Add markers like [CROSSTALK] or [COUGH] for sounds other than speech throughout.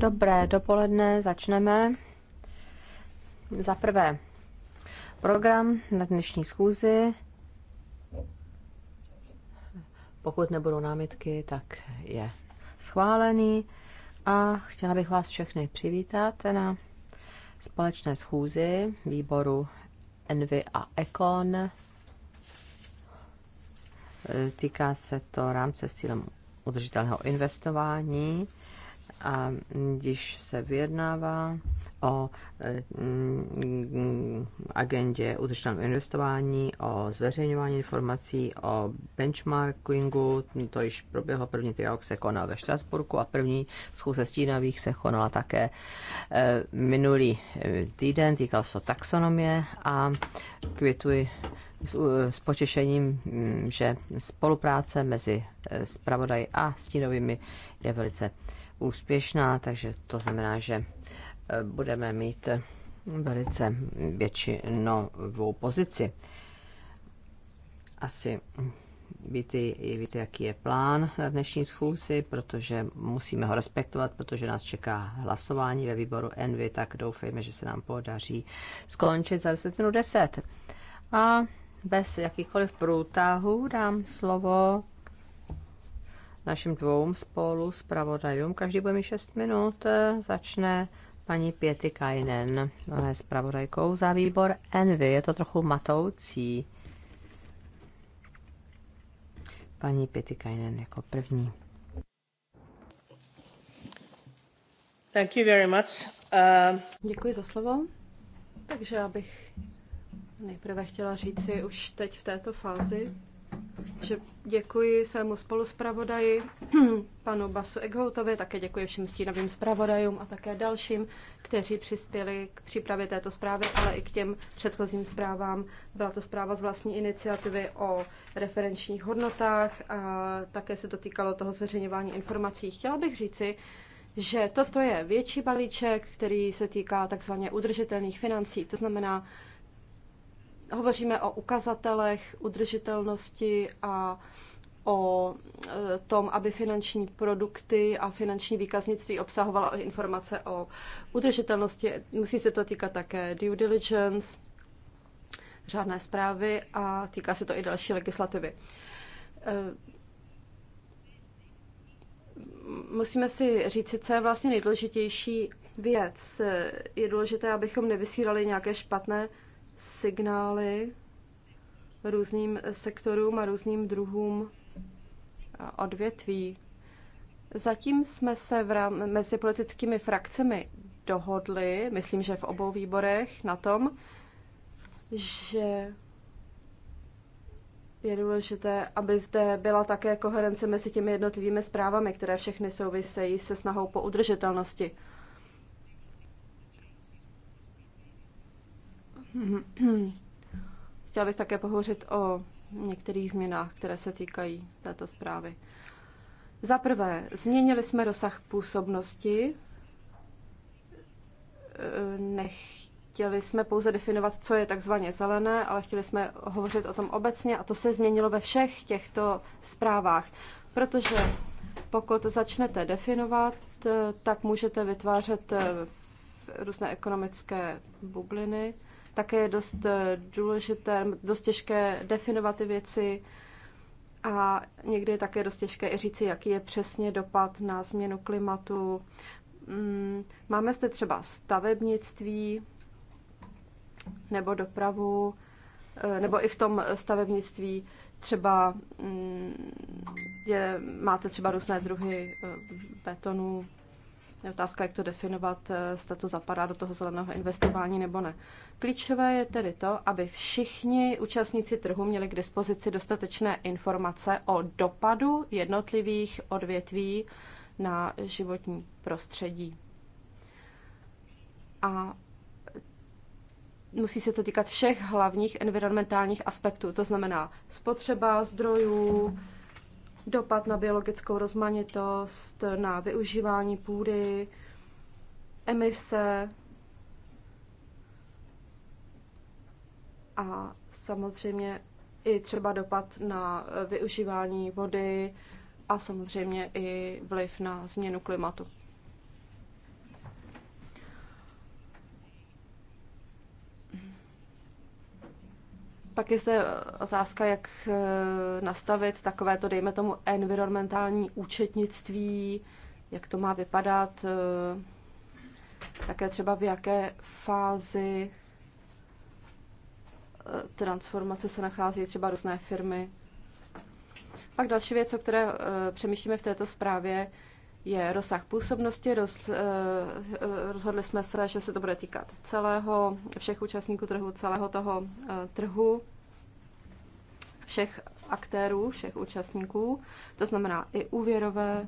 Dobré dopoledne, začneme. Za prvé, program na dnešní schůzi. Pokud nebudou námitky, tak je schválený. A chtěla bych vás všechny přivítat na společné schůzi výboru Envy a Econ. E, týká se to rámce s cílem udržitelného investování a když se vyjednává o mm, agendě udržitelného investování, o zveřejňování informací, o benchmarkingu, to již proběhlo, první trialog se konal ve Štrasburku a první schůze stínových se konala také e, minulý e, týden, týkal se taxonomie a kvituji s potěšením, mm, že spolupráce mezi e, zpravodaji a stínovými je velice úspěšná, takže to znamená, že e, budeme mít velice většinovou pozici. Asi víte, víte, jaký je plán na dnešní schůzi, protože musíme ho respektovat, protože nás čeká hlasování ve výboru Envy, tak doufejme, že se nám podaří skončit za 10 minut 10. A bez jakýchkoliv průtahů dám slovo našim dvou spolu s pravodajům. Každý bude mít 6 minut. Začne paní Pěty Kajnen. Ona je zpravodajkou za výbor Envy. Je to trochu matoucí. Paní Pěty Kajnen jako první. Thank you very much. Uh... Děkuji za slovo. Takže já bych Nejprve chtěla říci už teď v této fázi, že děkuji svému spoluspravodaji, [CLEARS THROAT] panu Basu Eghoutovi, také děkuji všem stínovým zpravodajům a také dalším, kteří přispěli k přípravě této zprávy, ale i k těm předchozím zprávám. Byla to zpráva z vlastní iniciativy o referenčních hodnotách a také se to týkalo toho zveřejňování informací. Chtěla bych říci, že toto je větší balíček, který se týká takzvaně udržitelných financí, to znamená hovoříme o ukazatelech udržitelnosti a o e, tom, aby finanční produkty a finanční výkaznictví obsahovala informace o udržitelnosti. Musí se to týkat také due diligence, řádné zprávy a týká se to i další legislativy. E, musíme si říct, co je vlastně nejdůležitější věc. Je důležité, abychom nevysílali nějaké špatné signály různým sektorům a různým druhům odvětví. Zatím jsme se v rám- mezi politickými frakcemi dohodli, myslím, že v obou výborech, na tom, že je důležité, aby zde byla také koherence mezi těmi jednotlivými zprávami, které všechny souvisejí se snahou po udržitelnosti. [CLEARS THROAT] Chtěla bych také pohovořit o některých změnách, které se týkají této zprávy. Za prvé, změnili jsme rozsah působnosti. Eh, nechtěli jsme pouze definovat, co je takzvaně zelené, ale chtěli jsme hovořit o tom obecně a to se změnilo ve všech těchto zprávách, protože pokud začnete definovat, eh, tak můžete vytvářet eh, různé ekonomické bubliny. Také je dost eh, důležité, dost těžké definovat ty věci a někdy je také dost těžké i říci, jaký je přesně dopad na změnu klimatu. Mm, máme zde třeba stavebnictví nebo dopravu, eh, nebo i v tom stavebnictví třeba mm, je, máte třeba různé druhy eh, betonu. Je otázka, jak to definovat, eh, zda to zapadá do toho zeleného investování nebo ne. Klíčové je tedy to, aby všichni účastníci trhu měli k dispozici dostatečné informace o dopadu jednotlivých odvětví na životní prostředí. A musí se to týkat všech hlavních environmentálních aspektů, to znamená spotřeba zdrojů, dopad na biologickou rozmanitost, na využívání půdy, emise a samozřejmě i třeba dopad na využívání vody a samozřejmě i vliv na změnu klimatu. Pak je se otázka, jak eh, nastavit takové to dejme tomu, environmentální účetnictví, jak to má vypadat, eh, také třeba v jaké fázi eh, transformace se nachází třeba různé firmy. Pak další věc, o které přemýšlíme v této zprávě, je rozsah působnosti. Roz, eh, eh, rozhodli jsme se, že se to bude týkat celého, všech účastníků trhu, celého toho eh, trhu, všech aktérů, všech účastníků, to znamená i úvěrové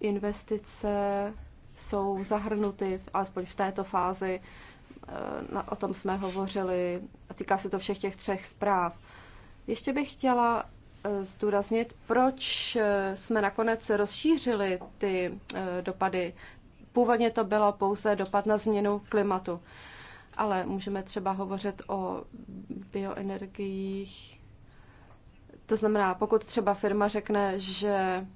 investice jsou zahrnuty, alespoň v této fázi, o tom jsme hovořili, týká se to všech těch třech zpráv. Ještě bych chtěla Eh, zdůraznit, proč eh, jsme nakonec rozšířili ty eh, dopady. Původně to bylo pouze dopad na změnu klimatu, ale můžeme třeba hovořit o bioenergiích. To znamená, pokud třeba firma řekne, že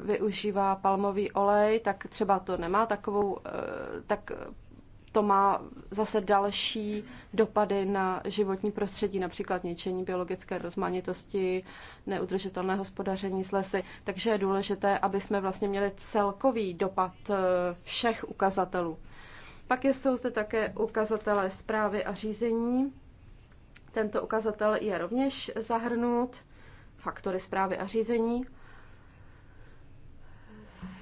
využívá palmový olej, tak třeba to nemá takovou, tak to má zase další dopady na životní prostředí, například ničení biologické rozmanitosti, neudržitelné hospodaření s lesy. Takže je důležité, aby jsme vlastně měli celkový dopad eh, všech ukazatelů. Pak jsou zde také ukazatele zprávy a řízení. Tento ukazatel je rovněž zahrnut, faktory zprávy a řízení.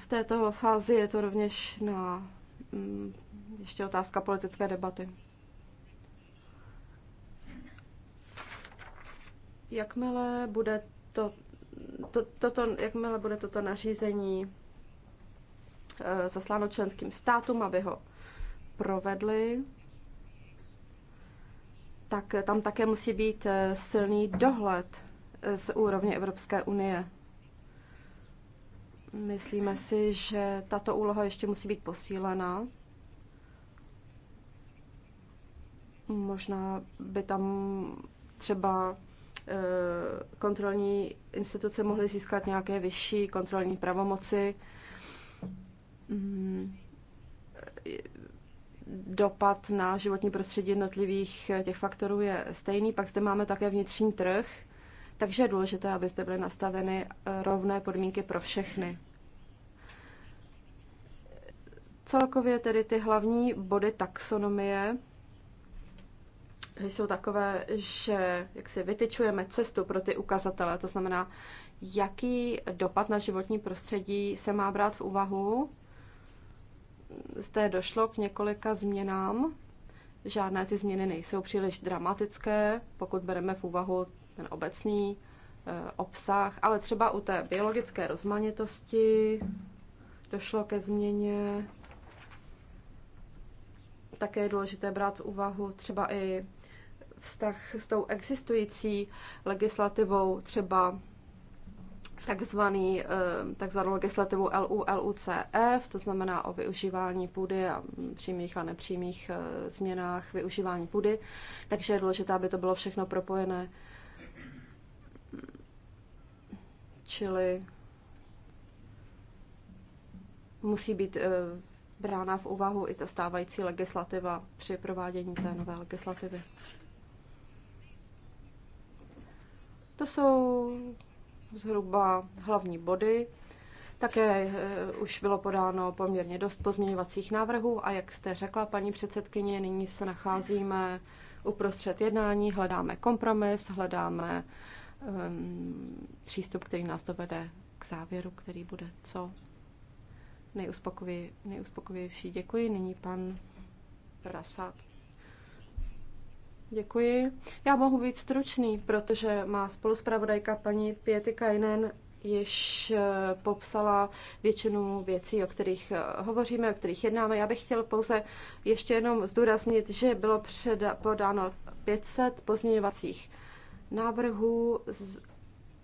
V této fázi je to rovněž na mm, ještě otázka politické debaty. Jakmile bude to, to, toto, jakmile bude toto nařízení eh, zasláno členským státům, aby ho provedli, tak tam také musí být eh, silný dohled eh, z úrovně Evropské unie. Myslíme si, že tato úloha ještě musí být posílena, Možná by tam třeba eh, kontrolní instituce mohly získat nějaké vyšší kontrolní pravomoci. Mm. Dopad na životní prostředí jednotlivých eh, těch faktorů je stejný. Pak zde máme také vnitřní trh, takže je důležité, aby zde byly nastaveny eh, rovné podmínky pro všechny. Celkově tedy ty hlavní body taxonomie jsou takové, že jak si vytyčujeme cestu pro ty ukazatele, to znamená, jaký dopad na životní prostředí se má brát v úvahu. Zde došlo k několika změnám. Žádné ty změny nejsou příliš dramatické, pokud bereme v úvahu ten obecný eh, obsah, ale třeba u té biologické rozmanitosti došlo ke změně. Také je důležité brát v úvahu třeba i vztah s tou existující legislativou, třeba takzvaný, eh, takzvanou legislativu LU, LUCF, to znamená o využívání půdy a přímých a nepřímých eh, změnách využívání půdy. Takže je důležité, aby to bylo všechno propojené. Čili musí být eh, brána v úvahu i ta stávající legislativa při provádění té nové legislativy. To jsou zhruba hlavní body. Také eh, už bylo podáno poměrně dost pozměňovacích návrhů a jak jste řekla, paní předsedkyně, nyní se nacházíme uprostřed jednání, hledáme kompromis, hledáme um, přístup, který nás dovede k závěru, který bude co nejuspokojivější. Děkuji. Nyní pan Rasát. Děkuji. Já mohu být stručný, protože má spoluspravodajka paní Pěty Kajnen již eh, popsala většinu věcí, o kterých eh, hovoříme, o kterých jednáme. Já bych chtěl pouze ještě jenom zdůraznit, že bylo před podáno 500 pozměňovacích návrhů z,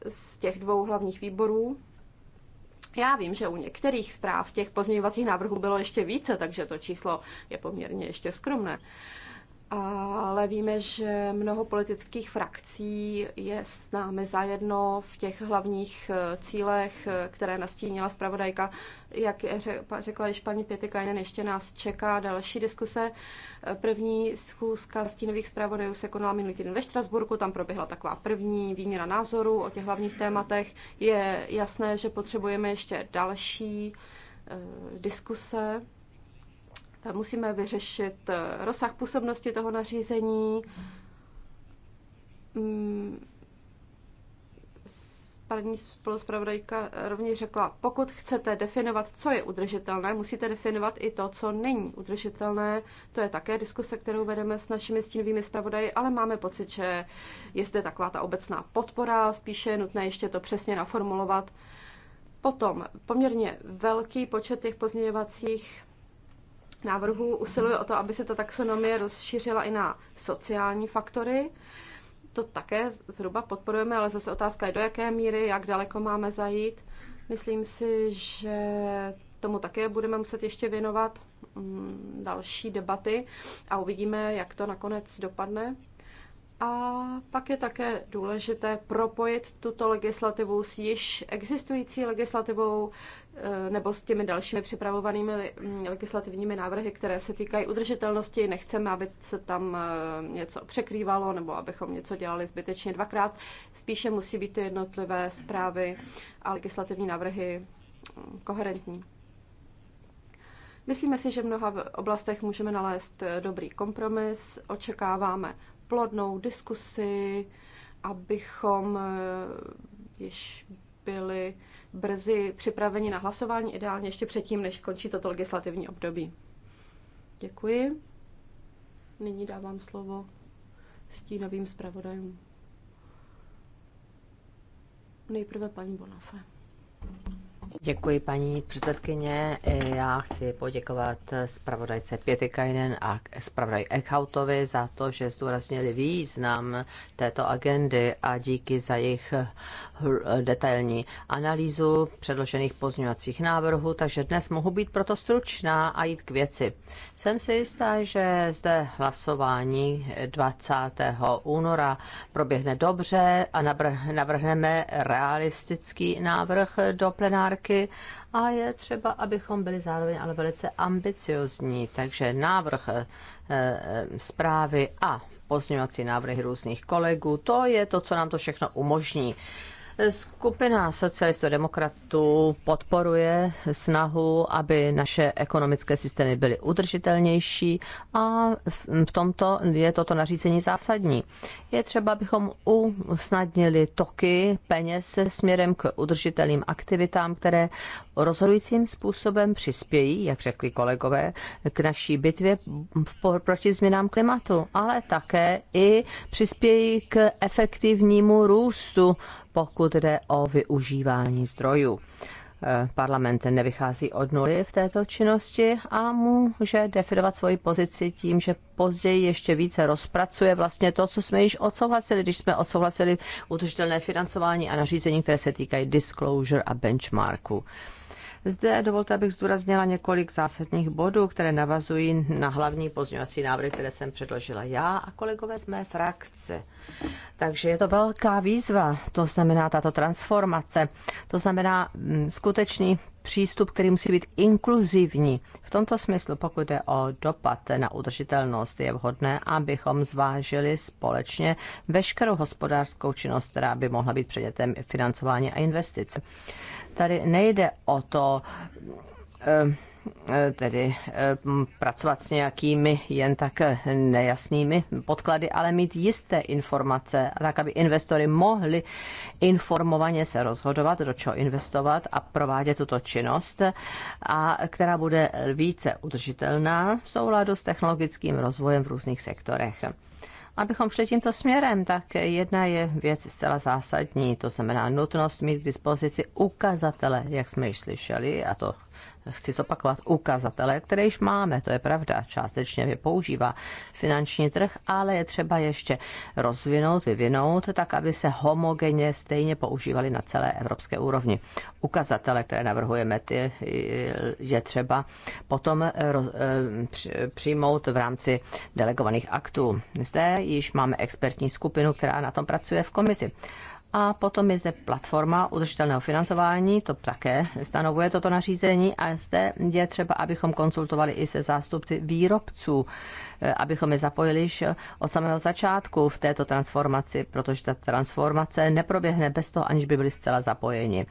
z těch dvou hlavních výborů. Já vím, že u některých zpráv těch pozměňovacích návrhů bylo ještě více, takže to číslo je poměrně ještě skromné. Uh, ale víme, že mnoho politických frakcí je s námi zajedno v těch hlavních eh, cílech, eh, které nastínila zpravodajka. Jak řekla již paní Pětikajnen, ještě nás čeká další diskuse. Eh, první schůzka stínových zpravodajů se konala minulý týden ve Štrasburku, tam proběhla taková první výměna názorů o těch hlavních tématech. Je jasné, že potřebujeme ještě další diskuse Musíme vyřešit eh, rozsah působnosti toho nařízení. Mm, paní spoluspravodajka rovněž řekla, pokud chcete definovat, co je udržitelné, musíte definovat i to, co není udržitelné. To je také diskuse, kterou vedeme s našimi stínovými zpravodaji, ale máme pocit, že je zde taková ta obecná podpora, spíše je nutné ještě to přesně naformulovat. Potom poměrně velký počet těch pozměňovacích návrhu usiluje o to, aby se ta taxonomie rozšířila i na sociální faktory. To také zhruba podporujeme, ale zase otázka je, do jaké míry, jak daleko máme zajít. Myslím si, že tomu také budeme muset ještě věnovat mm, další debaty a uvidíme, jak to nakonec dopadne. A pak je také důležité propojit tuto legislativu s již existující legislativou eh, nebo s těmi dalšími připravovanými mm, legislativními návrhy, které se týkají udržitelnosti. Nechceme, aby se tam eh, něco překrývalo nebo abychom něco dělali zbytečně dvakrát. Spíše musí být ty jednotlivé zprávy a legislativní návrhy mm, koherentní. Myslíme si, že v mnoha oblastech můžeme nalézt eh, dobrý kompromis. Očekáváme plodnou diskusi, abychom eh, již byli brzy připraveni na hlasování, ideálně ještě předtím, než skončí toto legislativní období. Děkuji. Nyní dávám slovo stínovým zpravodajům. Nejprve paní Bonafé. Děkuji, paní předsedkyně. Já chci poděkovat zpravodajce Pětikajnen a zpravodaj Eckhoutovi za to, že zdůraznili význam této agendy a díky za jejich detailní analýzu předložených pozměňovacích návrhů, takže dnes mohu být proto stručná a jít k věci. Jsem si jistá, že zde hlasování 20. února proběhne dobře a navrhneme realistický návrh do plenárky taky. A je třeba, abychom byli zároveň ale velice ambiciozní. Takže návrh eh, eh, zprávy a pozměňovací návrhy různých kolegů, to je to, co nám to všechno umožní Skupina socialistů a demokratů podporuje snahu, aby naše ekonomické systémy byly udržitelnější a v tomto je toto nařízení zásadní. Je třeba, abychom usnadnili toky peněz směrem k udržitelným aktivitám, které rozhodujícím způsobem přispějí, jak řekli kolegové, k naší bitvě proti změnám klimatu, ale také i přispějí k efektivnímu růstu pokud jde o využívání zdrojů. Eh, Parlament nevychází od nuly v této činnosti a může definovat svoji pozici tím, že později ještě více rozpracuje vlastně to, co jsme již odsouhlasili, když jsme odsouhlasili udržitelné financování a nařízení, které se týkají disclosure a benchmarku. Zde dovolte, abych zdůraznila několik zásadních bodů, které navazují na hlavní pozměňovací návrhy, které jsem předložila já a kolegové z mé frakce. Takže je to velká výzva, to znamená tato transformace, to znamená mm, skutečný přístup, který musí být inkluzivní. V tomto smyslu, pokud jde o dopad na udržitelnost, je vhodné, abychom zvážili společně veškerou hospodářskou činnost, která by mohla být předmětem financování a investice. Tady nejde o to, eh, Eh, tedy eh, pracovat s nějakými jen tak nejasnými podklady, ale mít jisté informace, tak aby investory mohli informovaně se rozhodovat, do čeho investovat a provádět tuto činnost, a která bude více udržitelná v souladu s technologickým rozvojem v různých sektorech. Abychom šli tímto směrem, tak jedna je věc zcela zásadní, to znamená nutnost mít k dispozici ukazatele, jak jsme již slyšeli, a to chci zopakovat, ukazatele, které již máme, to je pravda, částečně je používá finanční trh, ale je třeba ještě rozvinout, vyvinout, tak aby se homogenně stejně používaly na celé evropské úrovni. Ukazatele, které navrhujeme, ty eh, je třeba potom eh, eh, přijmout v rámci delegovaných aktů. Zde již máme expertní skupinu, která na tom pracuje v komisi. A potom je zde platforma udržitelného financování, to také stanovuje toto nařízení a zde je třeba, abychom konsultovali i se zástupci výrobců, eh, abychom je zapojili již od samého začátku v této transformaci, protože ta transformace neproběhne bez toho, aniž by byli zcela zapojeni.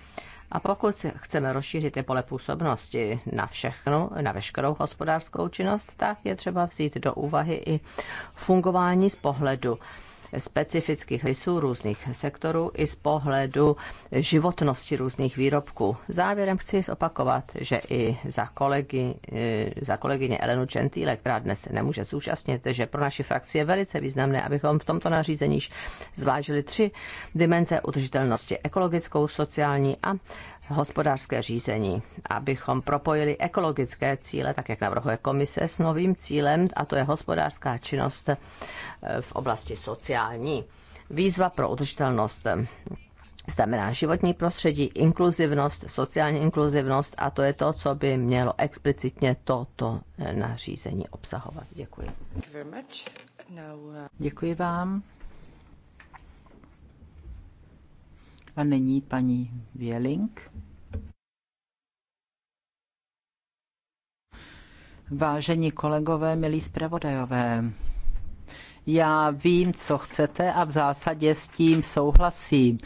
A pokud chceme rozšířit ty pole působnosti na všechno, na veškerou hospodářskou činnost, tak je třeba vzít do úvahy i fungování z pohledu specifických rysů různých sektorů i z pohledu životnosti různých výrobků. Závěrem chci zopakovat, že i za, kolegy, eh, za kolegyně Elenu Čentýle, která dnes se nemůže zúčastnit, že pro naši frakci je velice významné, abychom v tomto nařízení zvážili tři dimenze udržitelnosti ekologickou, sociální a hospodářské řízení, abychom propojili ekologické cíle, tak jak navrhuje komise, s novým cílem, a to je hospodářská činnost eh, v oblasti sociální. Výzva pro udržitelnost eh, znamená životní prostředí, inkluzivnost, sociální inkluzivnost a to je to, co by mělo explicitně toto eh, nařízení obsahovat. Děkuji. Uh, Děkuji vám. A nyní paní Věling. Vážení kolegové, milí zpravodajové, já vím, co chcete a v zásadě s tím souhlasím.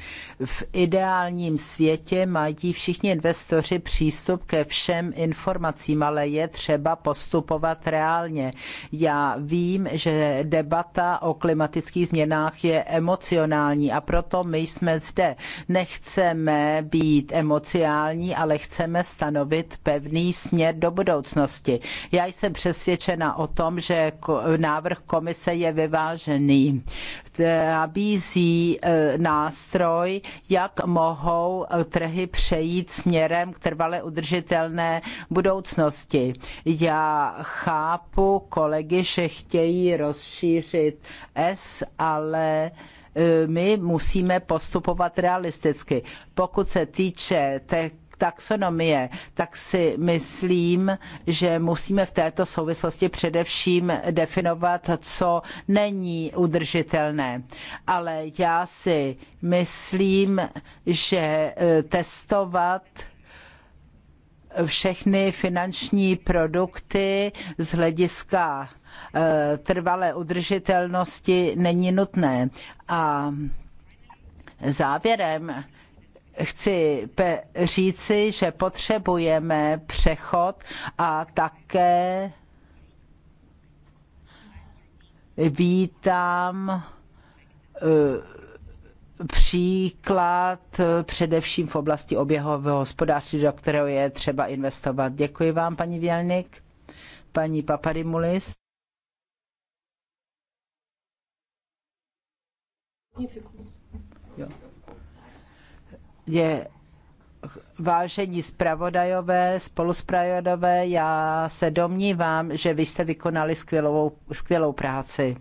V ideálním světě mají všichni investoři přístup ke všem informacím, ale je třeba postupovat reálně. Já vím, že debata o klimatických změnách je emocionální a proto my jsme zde. Nechceme být emocionální, ale chceme stanovit pevný směr do budoucnosti. Já jsem přesvědčena o tom, že návrh komise je ve vyvážený. Nabízí e, nástroj, jak mohou e, trhy přejít směrem k trvale udržitelné budoucnosti. Já chápu kolegy, že chtějí rozšířit S, ale e, my musíme postupovat realisticky. Pokud se týče té taxonomie, tak si myslím, že musíme v této souvislosti především definovat, co není udržitelné. Ale já si myslím, že e, testovat všechny finanční produkty z hlediska e, trvalé udržitelnosti není nutné. A závěrem chci říci, že potřebujeme přechod a také vítám e, příklad e, především v oblasti oběhového hospodářství, do kterého je třeba investovat. Děkuji vám, paní Vělnik, paní Papadimulis. Jo je vážení zpravodajové, spoluzpravodajové, já se domnívám, že vy jste vykonali skvělou, skvělou práci.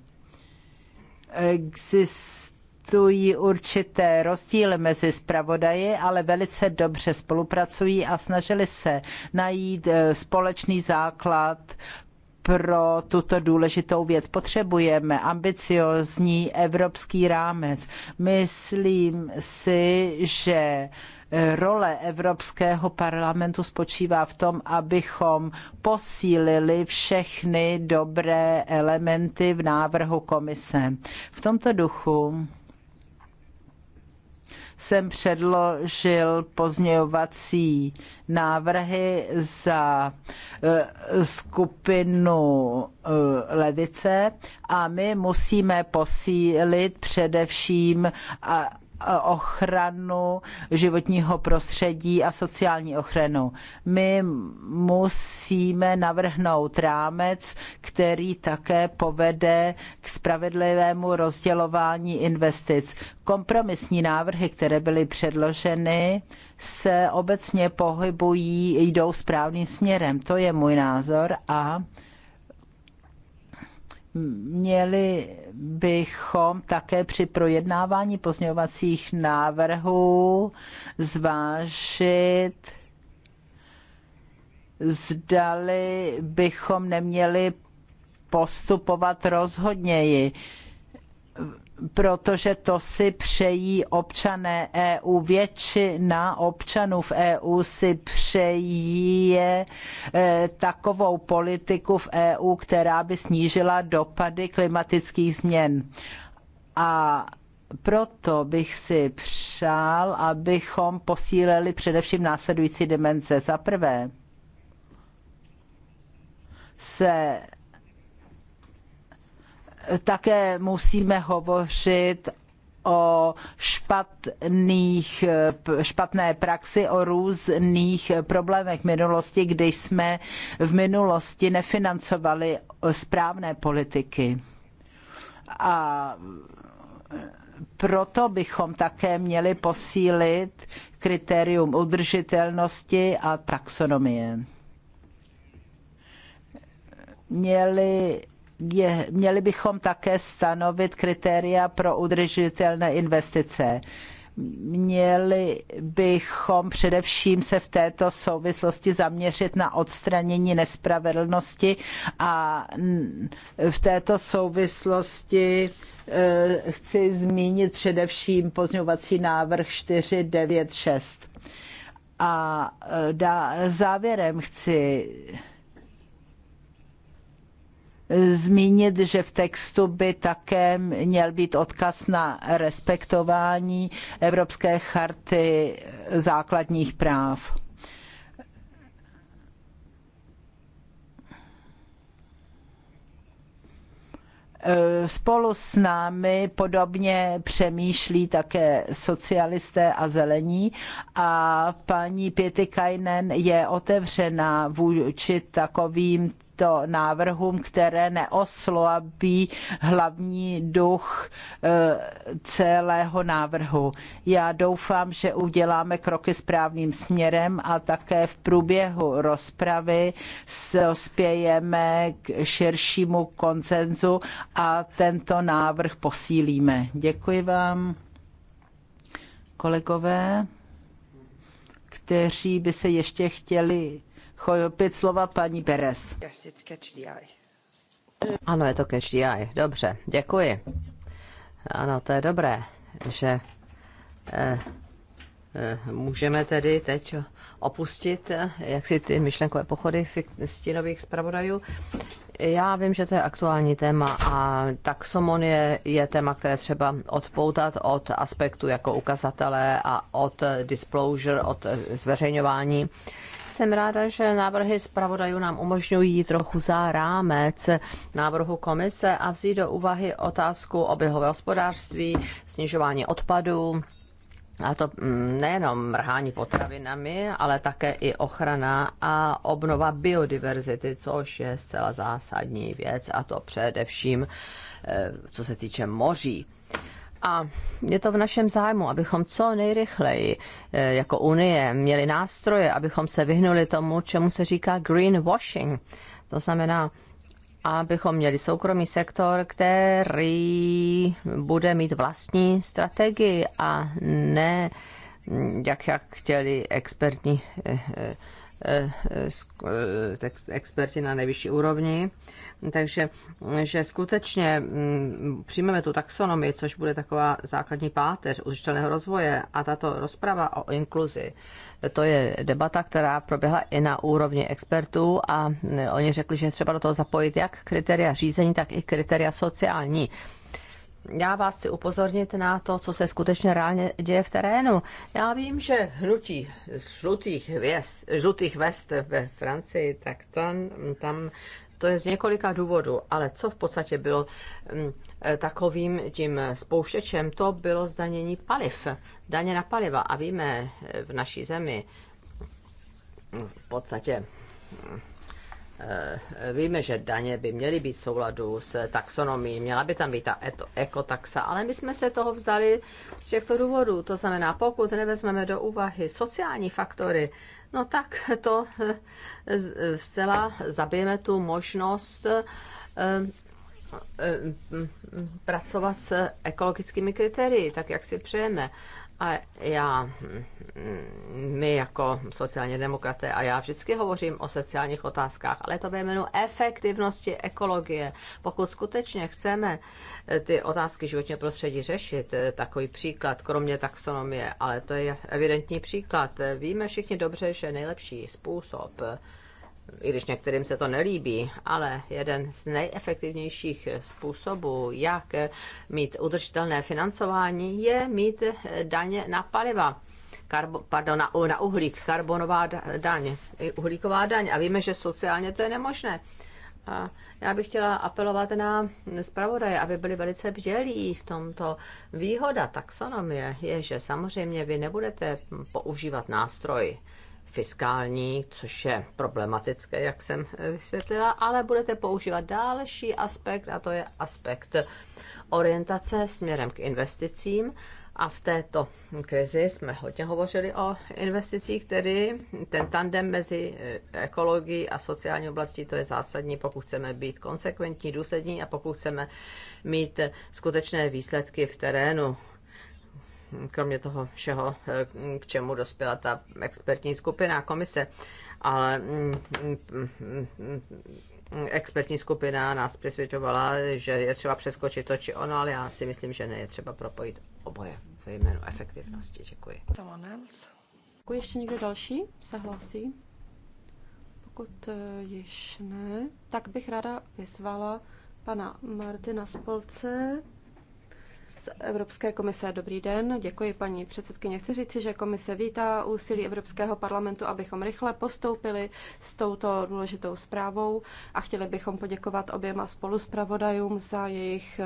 Existují určité rozdíly mezi zpravodaji, ale velice dobře spolupracují a snažili se najít eh, společný základ pro tuto důležitou věc. Potřebujeme ambiciozní evropský rámec. Myslím si, že eh, role Evropského parlamentu spočívá v tom, abychom posílili všechny dobré elementy v návrhu komise. V tomto duchu jsem předložil pozměňovací návrhy za e, skupinu e, levice a my musíme posílit především ochranu životního prostředí a sociální ochranu. My musíme navrhnout rámec, který také povede k spravedlivému rozdělování investic. Kompromisní návrhy, které byly předloženy, se obecně pohybují, jdou správným směrem. To je můj názor a měli bychom také při projednávání pozměňovacích návrhů zvážit, zdali bychom neměli postupovat rozhodněji protože to si přejí občané EU. Většina občanů v EU si přejí eh, takovou politiku v EU, která by snížila dopady klimatických změn. A proto bych si přál, abychom posílili především následující dimenze. Za prvé se také musíme hovořit o špatných, špatné praxi, o různých problémech minulosti, kdy jsme v minulosti nefinancovali správné politiky. A proto bychom také měli posílit kritérium udržitelnosti a taxonomie. Měli je, měli bychom také stanovit kritéria pro udržitelné investice. Měli bychom především se v této souvislosti zaměřit na odstranění nespravedlnosti a v této souvislosti eh, chci zmínit především pozňovací návrh 496. A eh, závěrem chci zmínit, že v textu by také měl být odkaz na respektování Evropské charty základních práv. Spolu s námi podobně přemýšlí také socialisté a zelení a paní Pietikainen je otevřená vůči takovým těmto návrhům, které neoslabí hlavní duch e, celého návrhu. Já doufám, že uděláme kroky správným směrem a také v průběhu rozpravy dospějeme k širšímu koncenzu a tento návrh posílíme. Děkuji vám, kolegové, kteří by se ještě chtěli chopit slova paní Perez. Ano, je to catch the eye. Dobře, děkuji. Ano, to je dobré, že eh, eh, můžeme tedy teď opustit eh, jaksi ty myšlenkové pochody stínových zpravodajů. Já vím, že to je aktuální téma a taxonomie je téma, které třeba odpoutat od aspektu jako ukazatele a od disclosure, od eh, zveřejňování. Eh, jsem ráda, že návrhy zpravodajů nám umožňují trochu za rámec návrhu komise a vzít do úvahy otázku oběhové hospodářství, snižování odpadů, a to mm, nejenom mrhání potravinami, ale také i ochrana a obnova biodiverzity, což je zcela zásadní věc, a to především eh, co se týče moří. A je to v našem zájmu, abychom co nejrychleji eh, jako Unie měli nástroje, abychom se vyhnuli tomu, čemu se říká greenwashing. To znamená, abychom měli soukromý sektor, který bude mít vlastní strategii a ne, mm, jak, jak chtěli expertní eh, eh, experti na nejvyšší úrovni. Takže že skutečně mm, přijmeme tu taxonomii, což bude taková základní páteř užitelného rozvoje a tato rozprava o inkluzi, to je debata, která proběhla i na úrovni expertů a mm, oni řekli, že je třeba do toho zapojit jak kritéria řízení, tak i kritéria sociální já vás chci upozornit na to, co se skutečně reálně děje v terénu. Já vím, že hnutí žlutých, věz, žlutých vest ve Francii, tak to, tam to je z několika důvodů, ale co v podstatě bylo takovým tím spouštěčem, to bylo zdanění paliv, daně na paliva. A víme v naší zemi v podstatě Eh, víme, že daně by měly být v souladu s taxonomií, měla by tam být ta ekotaxa, ale my jsme se toho vzdali z těchto důvodů. To znamená, pokud nevezmeme do úvahy sociální faktory, no tak to eh, eh, zcela zabijeme tu možnost pracovat s ekologickými kritérii, tak jak si přejeme. A já, mm, my jako sociální demokraté a já vždycky hovořím o sociálních otázkách, ale to ve jménu efektivnosti ekologie. Pokud skutečně chceme eh, ty otázky životního prostředí řešit, eh, takový příklad, kromě taxonomie, ale to je evidentní příklad. Eh, víme všichni dobře, že nejlepší způsob, i když některým se to nelíbí, ale jeden z nejefektivnějších způsobů, jak mít udržitelné financování, je mít daně na paliva. Karbo, pardon, na, na uhlík, karbonová daň, uhlíková daň. A víme, že sociálně to je nemožné. A já bych chtěla apelovat na zpravodaje, aby byli velice bdělí v tomto. Výhoda taxonomie je, že samozřejmě vy nebudete používat nástroj, fiskální, což je problematické, jak jsem eh, vysvětlila, ale budete používat další aspekt, a to je aspekt orientace směrem k investicím. A v této krizi jsme hodně hovořili o investicích, tedy ten tandem mezi eh, ekologií a sociální oblastí, to je zásadní, pokud chceme být konsekventní, důslední a pokud chceme mít eh, skutečné výsledky v terénu kromě toho všeho, eh, k čemu dospěla ta expertní skupina komise. Ale mm, mm, expertní skupina nás přesvědčovala, že je třeba přeskočit to či ono, ale já si myslím, že ne, je třeba propojit oboje ve jménu efektivnosti. Děkuji. Děkuji. Ještě někdo další se hlásí? Pokud eh, již ne, tak bych ráda vyzvala pana Martina Spolce, z Evropské komise. Dobrý den, děkuji paní předsedkyně. Chci říci, že komise vítá úsilí Evropského parlamentu, abychom rychle postoupili s touto důležitou zprávou a chtěli bychom poděkovat oběma spoluspravodajům za jejich eh,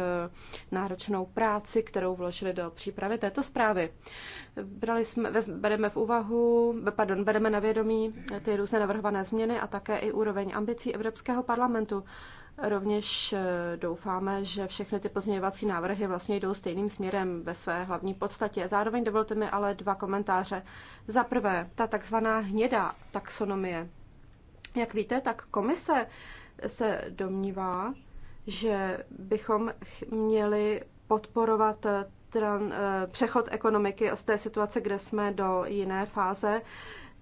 náročnou práci, kterou vložili do přípravy této zprávy. Brali jsme, bereme v úvahu, pardon, bereme na vědomí ty různé navrhované změny a také i úroveň ambicí Evropského parlamentu. Rovněž eh, doufáme, že všechny ty pozměňovací návrhy vlastně jdou stejným směrem ve své hlavní podstatě. Zároveň dovolte mi ale dva komentáře. Za prvé, ta takzvaná hnědá taxonomie. Jak víte, tak komise se domnívá, že bychom měli podporovat eh, tran, eh, přechod ekonomiky z té situace, kde jsme, do jiné fáze,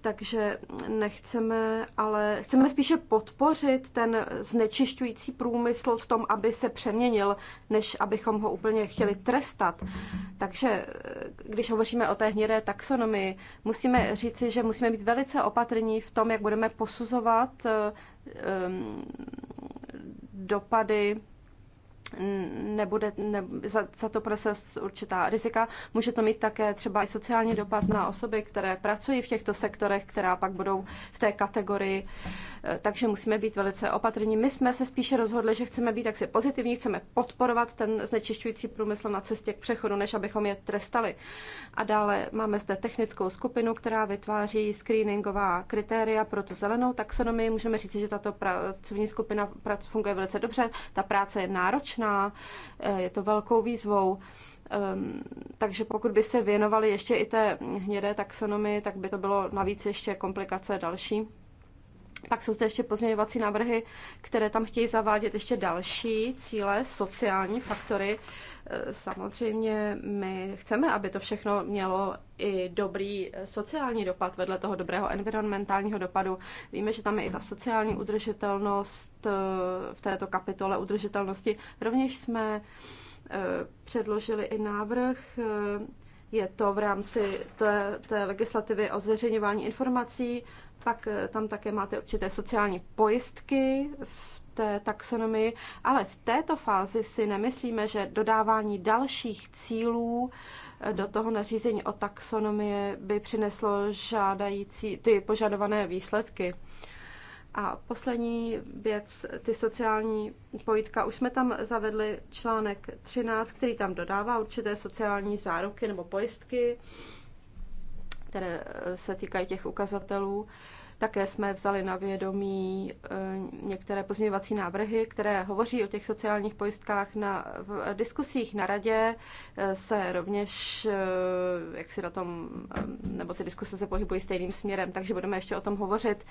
takže nechceme, ale chceme spíše podpořit ten znečišťující průmysl v tom, aby se přeměnil, než abychom ho úplně chtěli trestat. Takže eh, když hovoříme o té hnědé taxonomii, musíme říci, že musíme být velice opatrní v tom, jak budeme posuzovat eh, ehm, dopady nebude, ne, za, za to prese určitá rizika. Může to mít také třeba i sociální dopad na osoby, které pracují v těchto sektorech, která pak budou v té kategorii. Eh, takže musíme být velice opatrní. My jsme se spíše rozhodli, že chceme být jaksi pozitivní, chceme podporovat ten znečišťující průmysl na cestě k přechodu, než abychom je trestali. A dále máme zde technickou skupinu, která vytváří screeningová kritéria pro tu zelenou taxonomii. Můžeme říct, že tato pracovní skupina funguje velice dobře. Ta práce je náročná náročná, eh, je to velkou výzvou. Ehm, takže pokud by se věnovali ještě i té hnědé taxonomii, tak by to bylo navíc ještě komplikace další. Pak jsou zde ještě pozměňovací návrhy, které tam chtějí zavádět ještě další cíle, sociální faktory. E, samozřejmě my chceme, aby to všechno mělo i dobrý e, sociální dopad vedle toho dobrého environmentálního dopadu. Víme, že tam je i ta sociální udržitelnost e, v této kapitole udržitelnosti. Rovněž jsme předložili i návrh je to v rámci té, té legislativy o zveřejňování informací, pak eh, tam také máte určité sociální pojistky v té taxonomii, ale v této fázi si nemyslíme, že dodávání dalších cílů eh, do toho nařízení o taxonomii by přineslo žádající ty požadované výsledky. A poslední věc, ty sociální pojitka. Už jsme tam zavedli článek 13, který tam dodává určité sociální záruky nebo pojistky, které eh, se týkají těch ukazatelů. Uh, také jsme vzali na vědomí eh, některé pozměňovací návrhy, které hovoří o těch sociálních pojistkách na v diskusích na radě. Eh, se rovněž, eh, jak si na tom, nebo ty diskuse se pohybují stejným směrem, takže budeme ještě o tom hovořit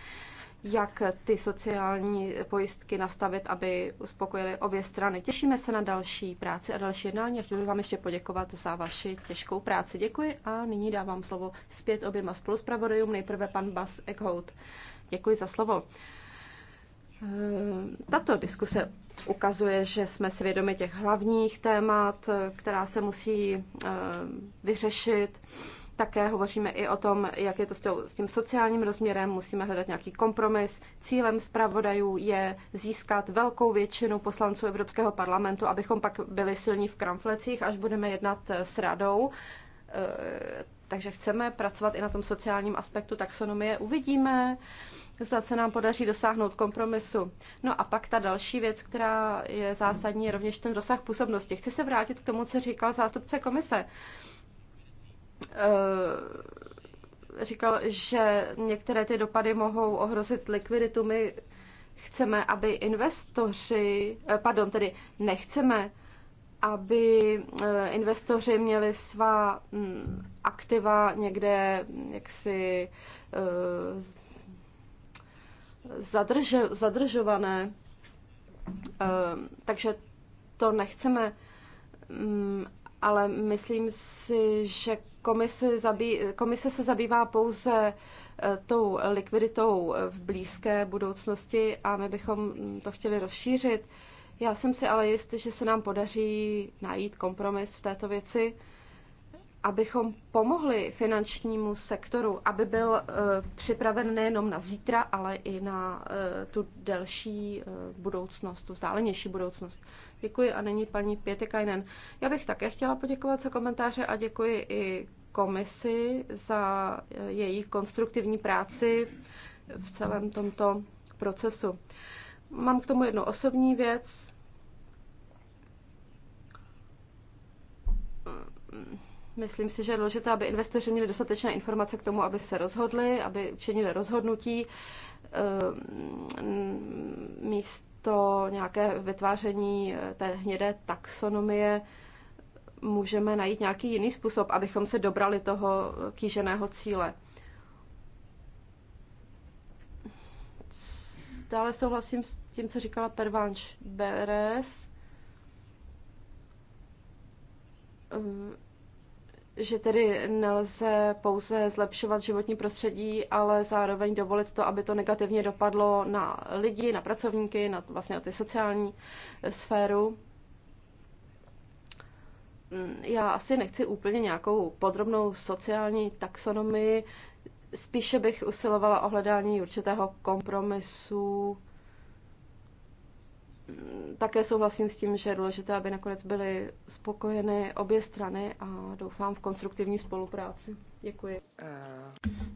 jak ty sociální pojistky nastavit, aby uspokojily obě strany. Těšíme se na další práci a další jednání a chtěl bych vám ještě poděkovat za vaši těžkou práci. Děkuji a nyní dávám slovo zpět oběma spoluspravodajům. Nejprve pan Bas Eckhout. Děkuji za slovo. Eh, tato diskuse ukazuje, že jsme si vědomi těch hlavních témat, která se musí eh, vyřešit. Také hovoříme i o tom, jak je to s tím sociálním rozměrem, musíme hledat nějaký kompromis. Cílem zpravodajů je získat velkou většinu poslanců Evropského parlamentu, abychom pak byli silní v kramflecích, až budeme jednat eh, s radou takže chceme pracovat i na tom sociálním aspektu taxonomie. Uvidíme, zda se nám podaří dosáhnout kompromisu. No a pak ta další věc, která je zásadní, je rovněž ten rozsah působnosti. Chci se vrátit k tomu, co říkal zástupce komise. Eh, říkal, že některé ty dopady mohou ohrozit likviditu. My chceme, aby investoři, eh, pardon, tedy nechceme, aby eh, investoři měli svá mm, aktiva někde mm, jaksi eh, zadrže, zadržované. Eh, takže to nechceme, mm, ale myslím si, že komise, zabí, komise se zabývá pouze tou likviditou v blízké budoucnosti a my bychom to chtěli rozšířit já jsem si ale jist, že se nám podaří najít kompromis v této věci, abychom pomohli finančnímu sektoru, aby byl uh, připraven nejenom na zítra, ale i na uh, tu delší uh, budoucnost, tu vzdálenější budoucnost. Děkuji a není paní Pětikajnen. Já bych také chtěla poděkovat za komentáře a děkuji i komisi za její konstruktivní práci v celém tomto procesu. Mám k tomu jednu osobní věc. Myslím si, že je důležité, aby investoři měli dostatečné informace k tomu, aby se rozhodli, aby učinili rozhodnutí ehm, místo nějaké vytváření eh, té hnědé taxonomie můžeme najít nějaký jiný způsob, abychom se dobrali toho kýženého cíle. Dále souhlasím s tím, co říkala Pervanš Beres, ehm, že tedy nelze pouze zlepšovat životní prostředí, ale zároveň dovolit to, aby to negativně dopadlo na lidi, na pracovníky, na vlastně na ty sociální eh, sféru. Mm, já asi nechci úplně nějakou podrobnou sociální taxonomii, Spíše bych usilovala o hledání určitého kompromisu. Také souhlasím s tím, že je důležité, aby nakonec byly spokojeny obě strany a doufám v konstruktivní spolupráci. Děkuji.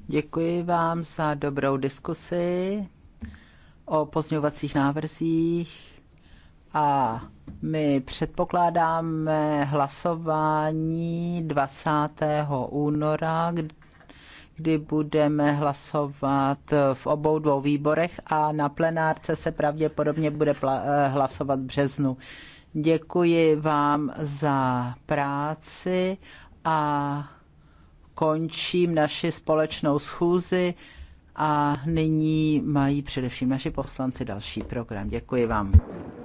Děkuji vám za dobrou diskusi o pozňovacích návrzích a my předpokládáme hlasování 20. února, kdy budeme hlasovat v obou dvou výborech a na plenárce se pravděpodobně bude eh, hlasovat v březnu. Děkuji vám za práci a končím naši společnou schůzi a nyní mají především naši poslanci další program. Děkuji vám.